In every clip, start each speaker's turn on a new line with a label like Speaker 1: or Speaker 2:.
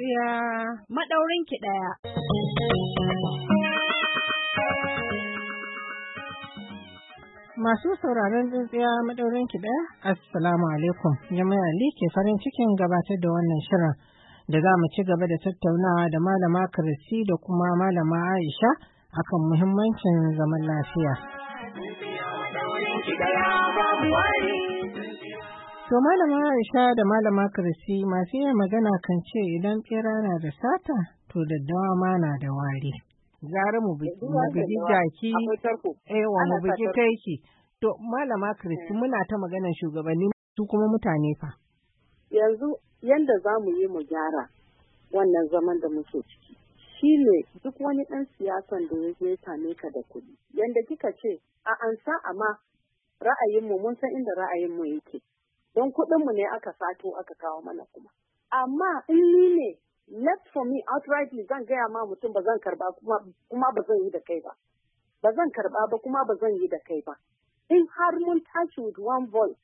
Speaker 1: tsiya madaurin ki ɗaya. Masu sauraron tsintsiya madaurin ki ɗaya, Assalamu alaikum, Jami'a Ali ke farin cikin gabatar da wannan shirin da za mu ci gaba da tattaunawa da Malama Kirsi da kuma Malama Aisha akan muhimmancin zaman lafiya. To malama Aisha da malama Kirsi masu iya magana kan ce idan bera na da sata to daddawa ma na da wari.
Speaker 2: Zara mu bugi jaki, ewa mu bugi taiki.
Speaker 1: To malama Kirsi muna ta maganar shugabanni su kuma mutane fa.
Speaker 2: Yanzu yanda za mu yi mu gyara wannan zaman da muke ciki. Shi ne duk wani ɗan siyasan da ya je same ka da kuɗi. Yanda kika ce a ansa amma ra'ayinmu mun san inda ra'ayinmu yake. don kuɗinmu ne aka sato aka kawo mana kuma amma in ni ne left for me outright. zan gaya ma mutum ba zan karba kuma ba zan yi da kai ba ba zan karba ba kuma ba zan yi da kai ba in har mun tashi with one voice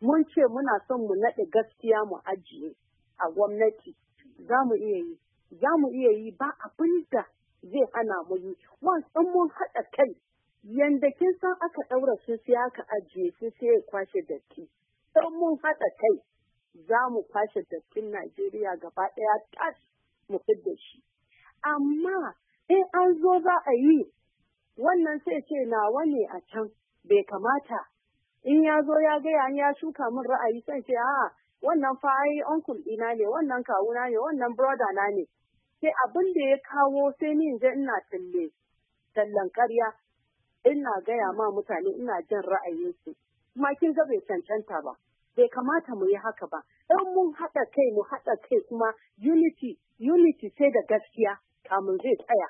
Speaker 2: mun ce muna son mu naɗe gaskiya mu ajiye a gwamnati za mu iya yi za mu iya yi ba abin da zai hana mu yi once in mun haɗa kai yanda kin san aka ɗaura su sai aka ajiye su sai ya kwashe datti sai mun haɗa kai za mu kwashe dattin Najeriya gaba ɗaya tas mu fidda shi. Amma in an zo za a yi wannan sai ce nawa ne a can bai kamata in ya zo ya gaya ya shuka min ra'ayi sai ce a wannan fa ɗina ne wannan kawuna ne wannan broda na ne sai abin da ya kawo sai ni je ina talle tallan karya, ina gaya ma mutane ina jin ra'ayinsu kuma kin ga bai cancanta ba bai kamata mu yi haka ba in mun haɗa kai mu haɗa kai kuma unity unity sai da gaskiya kamun zai tsaya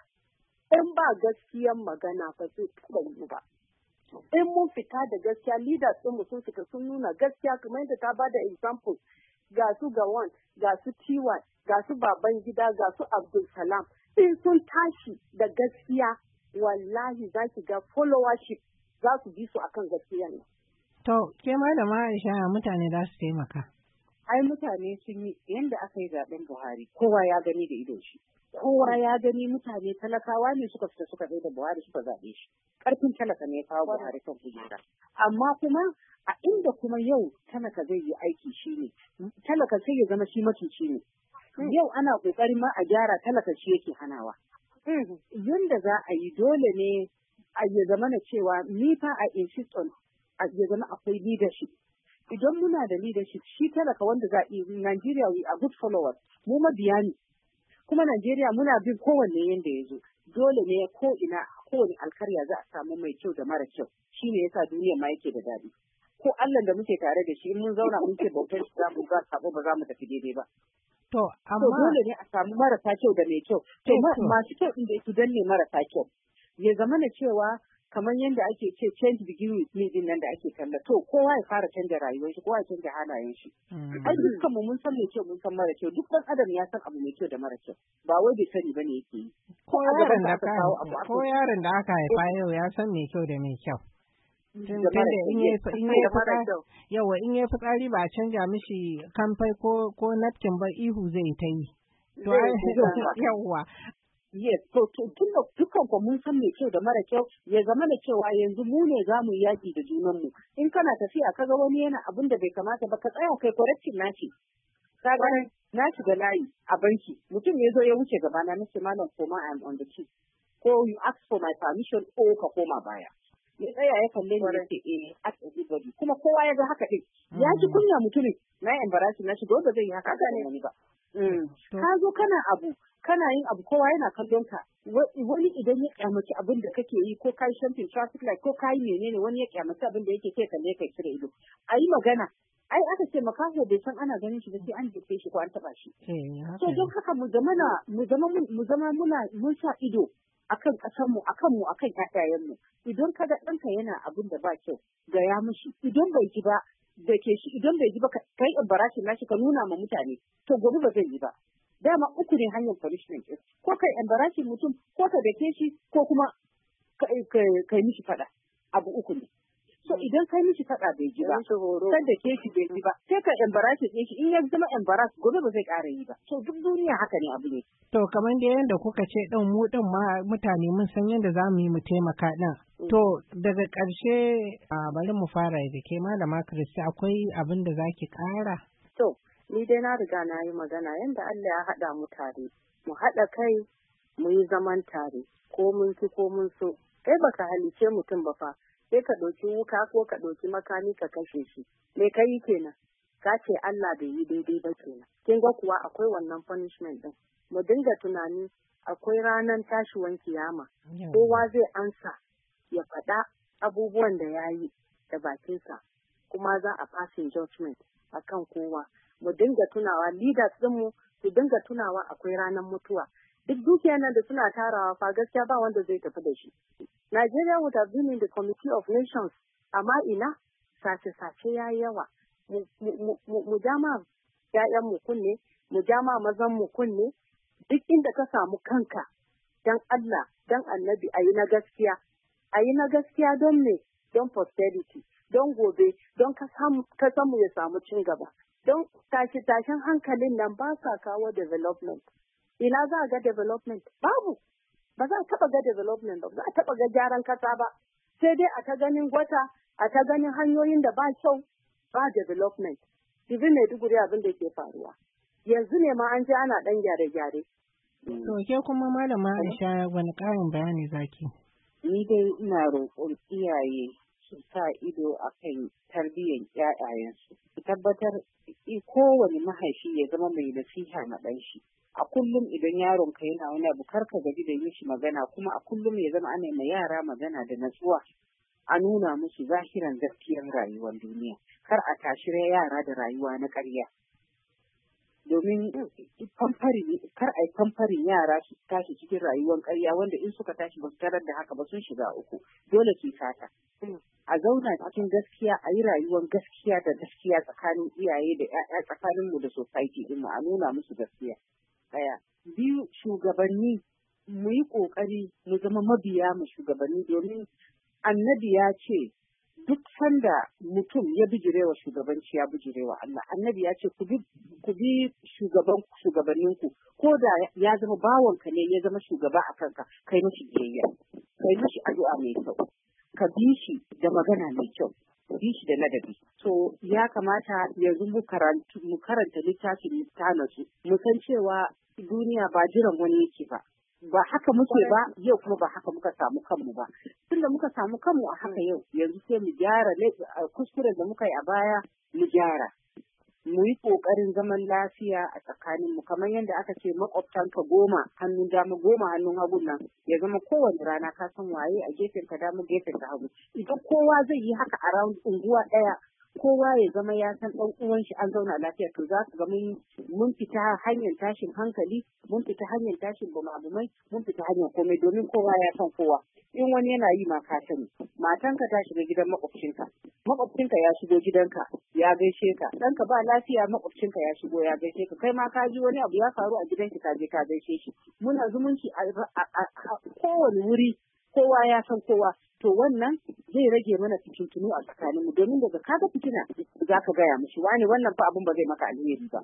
Speaker 2: in ba gaskiyan magana ba zai taɓa yi ba in mun fita da gaskiya leaders din mu sun fita sun nuna gaskiya kamar yadda ta bada example ga su gawan ga su tiwa ga su baban gida ga su abdul salam in sun tashi da gaskiya wallahi za ki ga followership za su bi su akan gaskiya ne
Speaker 1: To, ke malama Aisha mutane za su taimaka.
Speaker 2: Ai mutane sun yi yadda aka yi zaɓen Buhari, kowa ya gani da ido shi. Kowa ya gani mutane talakawa ne suka fita suka da Buhari suka zaɓe shi. Ƙarfin talaka ne ya kawo Buhari kan kujera. Amma kuma a inda kuma yau talaka zai yi aiki shi ne, talaka sai ya zama shi matuci ne. Yau ana ƙoƙarin ma a gyara talaka shi yake hanawa. Mm-hmm. Yanda za a yi dole ne a ya zama cewa ni fa a insist on ya zama akwai leadership idan muna da leadership shi talaka wanda za a Najeriya we are good followers mu mabiya ne kuma Najeriya muna bin kowanne yanda ya zo dole ne ko ina kowane alkarya za a samu mai kyau da mara kyau shi ne yasa duniya ma yake da daɗi ko Allah da muke tare da shi in mun zauna muke bautar shi za mu ga sabo ba za mu tafi daidai ba to amma dole ne a samu marasa kyau da mai kyau to masu kyau inda da yake danne marasa kyau ya zama na cewa kamar yadda ake ce change begin with me din nan da ake kalla to kowa ya fara canja rayuwar shi kowa ya canja halayen shi mm. ai dukkan mu mun san mai kyau mun san mara kyau duk dan adam ya san abu mai kyau da mara kyau ba wai bai sani bane yake yi ko yaron da aka ko yaron da aka haifa
Speaker 1: yau ya san mai kyau da mai kyau yawa mm, in ya fitsari ba a canja mishi kamfai ko napkin ba ihu zai ta yi.
Speaker 2: yawa yes to tun da dukkan ku mun san mai kyau da mara kyau ya zama da cewa yanzu mu ne za mu yaki da mu. in kana tafiya ka ga wani yana abin da bai kamata ba ka tsaya kai correction naci ka ga na shiga layi a banki mutum ya zo ya wuce gaba na nace malam koma i am on the key ko you ask for my permission ko ka koma baya ya tsaya ya kalle ni yace eh at everybody kuma kowa ya ga haka din ya ji mm. kunya mutumin na embarrassing na shi dole zan yi haka ne ba mm. ka zo kana abu kana yin abu kowa yana kallon ka wani idan ya kyamaci abin da kake yi ko kai shamfin traffic light ko kai menene wani ya kyamaci abin da yake kai kalle kai cire ido ayi magana ai aka ce makaho bai san ana ganin shi ba sai an jefe shi ko an taba shi. Eh, to don haka mu zama mu zama muna mun sa ido akan mu, akan mu akan ƴaƴayenmu idan ka ga ɗanka yana abun da ba kyau gaya mishi idan bai ji ba da ke shi idan bai ji ba kai na shi ka nuna ma mutane to gobe ba zai yi ba dama uku ne hanyar punishment din ko kai embarrassing mutum ko ka dake shi ko kuma kai mishi faɗa abu uku ne So idan kai miki faɗa bai ji ba, san da ke bai ji ba, sai ka embarrass ne shi in ya zama embarrass gobe ba zai ƙara yi ba. So duk duniya haka ne abu ne.
Speaker 1: To kamar da yadda kuka ce ɗin mu ɗin ma mutane mun san yadda za mu yi mu taimaka ɗin. Mm. To daga ƙarshe bari mu fara da ke malama Kristi akwai abin da za ki ƙara.
Speaker 2: To ni dai na riga na yi magana yadda Allah ya haɗa mu tare. Mu haɗa kai mu yi zaman tare ko mun ki ko mun so. Kai baka halice mutum ba fa sai ka ɗauki wuka ko ka ɗauki makami ka kashe shi me ka yi kenan ka ce Allah bai yi daidai ba kenan kin ga kuwa akwai wannan punishment din mu dinga tunani akwai ranar tashiwan kiyama kowa zai ansa ya faɗa abubuwan da ya yi da bakinsa kuma za a passing judgment kan kowa mu dinga tunawa leaders dinmu su dinga tunawa akwai ranar mutuwa duk dukiyar nan da suna tarawa fa gaskiya ba wanda zai tafi da shi Nigeria would have been in the Committee of Nations, amma ina sace-sace ya yawa. Mu jama ‘ya'yan mu kunne, mu jama mazan mu kunne, duk inda ka samu kanka don Allah, don annabi a yi na gaskiya. A yi na gaskiya don me? Don posterity, don gobe, don ka samu ya samu cin gaba. Don tashi-tashin hankalin nan ba sa kawo development. Ina za a ga development? Babu. ba za a taɓa ga development ba za a taɓa ga gyaran kasa ba sai dai a ta ganin gwata a ta ganin hanyoyin da ba kyau ba development ibi duguri abin da ke faruwa yanzu ne ma an je ana ɗan gyare-gyare
Speaker 1: to ke kuma malama aisha wani ƙarin bayani zaki
Speaker 2: ni dai ina roƙon iyaye su sa ido a kan tarbiyyar ƴaƴayensu su tabbatar kowane mahaifi ya zama mai nasiha na ɗan shi a kullum idan yaron ka yana wani abu kar ka gaji da yin shi magana kuma a kullum ya zama ana ma yara magana da natsuwa a nuna musu zahiran gaskiyar rayuwar duniya kar a tashi yara da rayuwa na ƙarya domin kar a yi famfarin yara su tashi cikin rayuwar ƙarya wanda in suka tashi ba su tarar da haka ba sun shiga uku dole su sata a zauna cikin gaskiya a yi rayuwar gaskiya da gaskiya tsakanin iyaye da 'ya'ya tsakaninmu da society ɗinmu a nuna musu gaskiya ɗaya. Biyu shugabanni mu yi ƙoƙari mu zama mabiya mu shugabanni domin annabi ya ce duk sanda mutum ya bijirewa shugabanci ya bijirewa Allah annabi ya ce ku bi shugaban shugabannin ko da ya zama bawanka ne ya zama shugaba a kanka kai mashi biyayya kai mashi addu'a mai sau. ka bi shi da magana mai kyau ka bi shi da ladabi to ya kamata yanzu mu karanta mu karanta littafin mu san cewa duniya ba jiran wani yake ba ba haka muke ba yau kuma ba haka muka samu kanmu ba tunda muka samu kanmu a haka yau yanzu sai mu gyara kuskuren da muka yi a baya mu gyara mu yi ƙoƙarin zaman lafiya a tsakaninmu kamar yadda aka ce makwabtanka goma hannun dama goma hannun hagu nan ya zama kowane rana ka san waye a gefen ka dama gefen ka hagu idan kowa zai yi haka a unguwa ɗaya kowa ya zama ya san ɗan uwan shi an zauna lafiya to za ka ga mun fita hanyar tashin hankali mun fita hanyar tashin bumabumai mun fita hanyar komai domin kowa ya san kowa in wani yana yi ma ka sani matanka ta shiga gidan makwabcinka makwabcinka ya shigo gidanka ya gaishe ka ka ba lafiya makwabcinka ya shigo ya gaishe ka kai ma ka ji wani abu ya faru a gidanki ka je ka gaishe shi muna zumunci a kowane wuri kowa ya san kowa to wannan zai rage mana fitintunu a tsakanin mu domin daga kaga fitina za ka gaya musu wani wannan fa abin ba zai maka alheri ba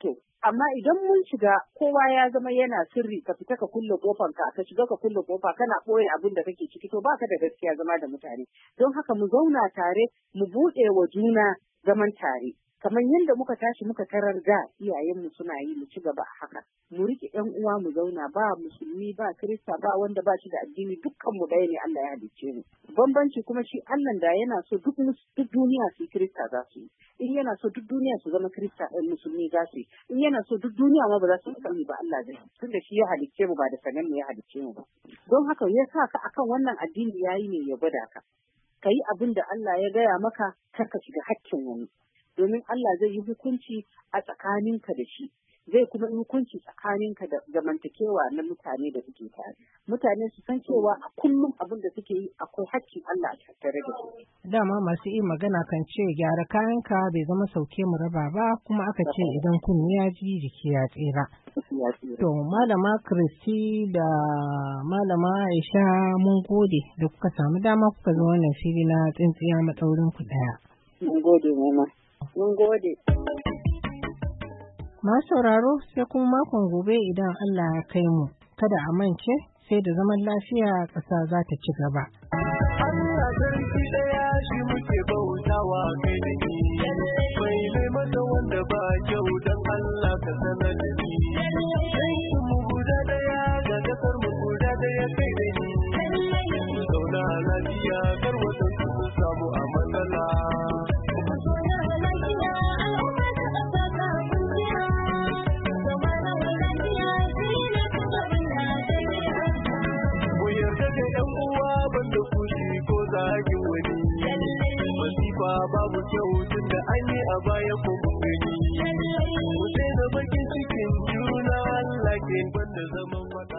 Speaker 2: to amma idan mun shiga kowa ya zama yana sirri ka fita ka kulle kofar ka ka shiga ka kulle kofa kana boye abin da kake ciki to baka da gaskiya zama da mutane don haka mu zauna tare mu buɗe wa juna zaman tare kamar yadda muka tashi muka tarar da iyayenmu suna yi mu ci gaba haka mu riƙe ƴan uwa mu zauna ba musulmi ba kirista ba wanda ba shi da addini dukkan mu ɗaya ne Allah ya halicce mu bambanci kuma shi Allah da yana so duk duk duniya su kirista za su yi in yana so duk duniya su zama kirista ɗin eh, musulmi za su yi in yana so duk duniya ma ba za su musulmi ba Allah zai tunda shi ya halicce mu ba da sanan mu ya halicce mu ba don haka ya sa ka akan wannan addini yayi ne ya gwada ka ka yi abin da Allah ya gaya maka kar ka shiga hakkin wani domin Allah zai yi hukunci a tsakaninka da shi zai kuma yi hukunci tsakaninka da zamantakewa na mutane da suke tare mutane su san cewa a kullum abin da suke yi akwai hakkin Allah a tattare da su
Speaker 1: dama masu yi magana kan ce gyara kayanka bai zama sauke mu raba ba kuma aka ce idan kun ya ji jiki ya tsira to malama kristi da malama aisha mun gode da kuka samu dama kuka zo wannan fili na tsintsiya matsaurin ku daya
Speaker 2: mun gode Mun gode.
Speaker 1: Masu sauraro sai kuma makon gobe idan Allah ya kai mu. Kada a mance sai da zaman lafiya ƙasa za ta ci gaba. Allah sarki ɗaya shi muke bautawa kai da mai masa wanda ba kyau don Allah ka sanar babu kyau tun da an yi a baya ko mun gani. Mu da bakin cikin juna Allah ke banda zaman faɗa.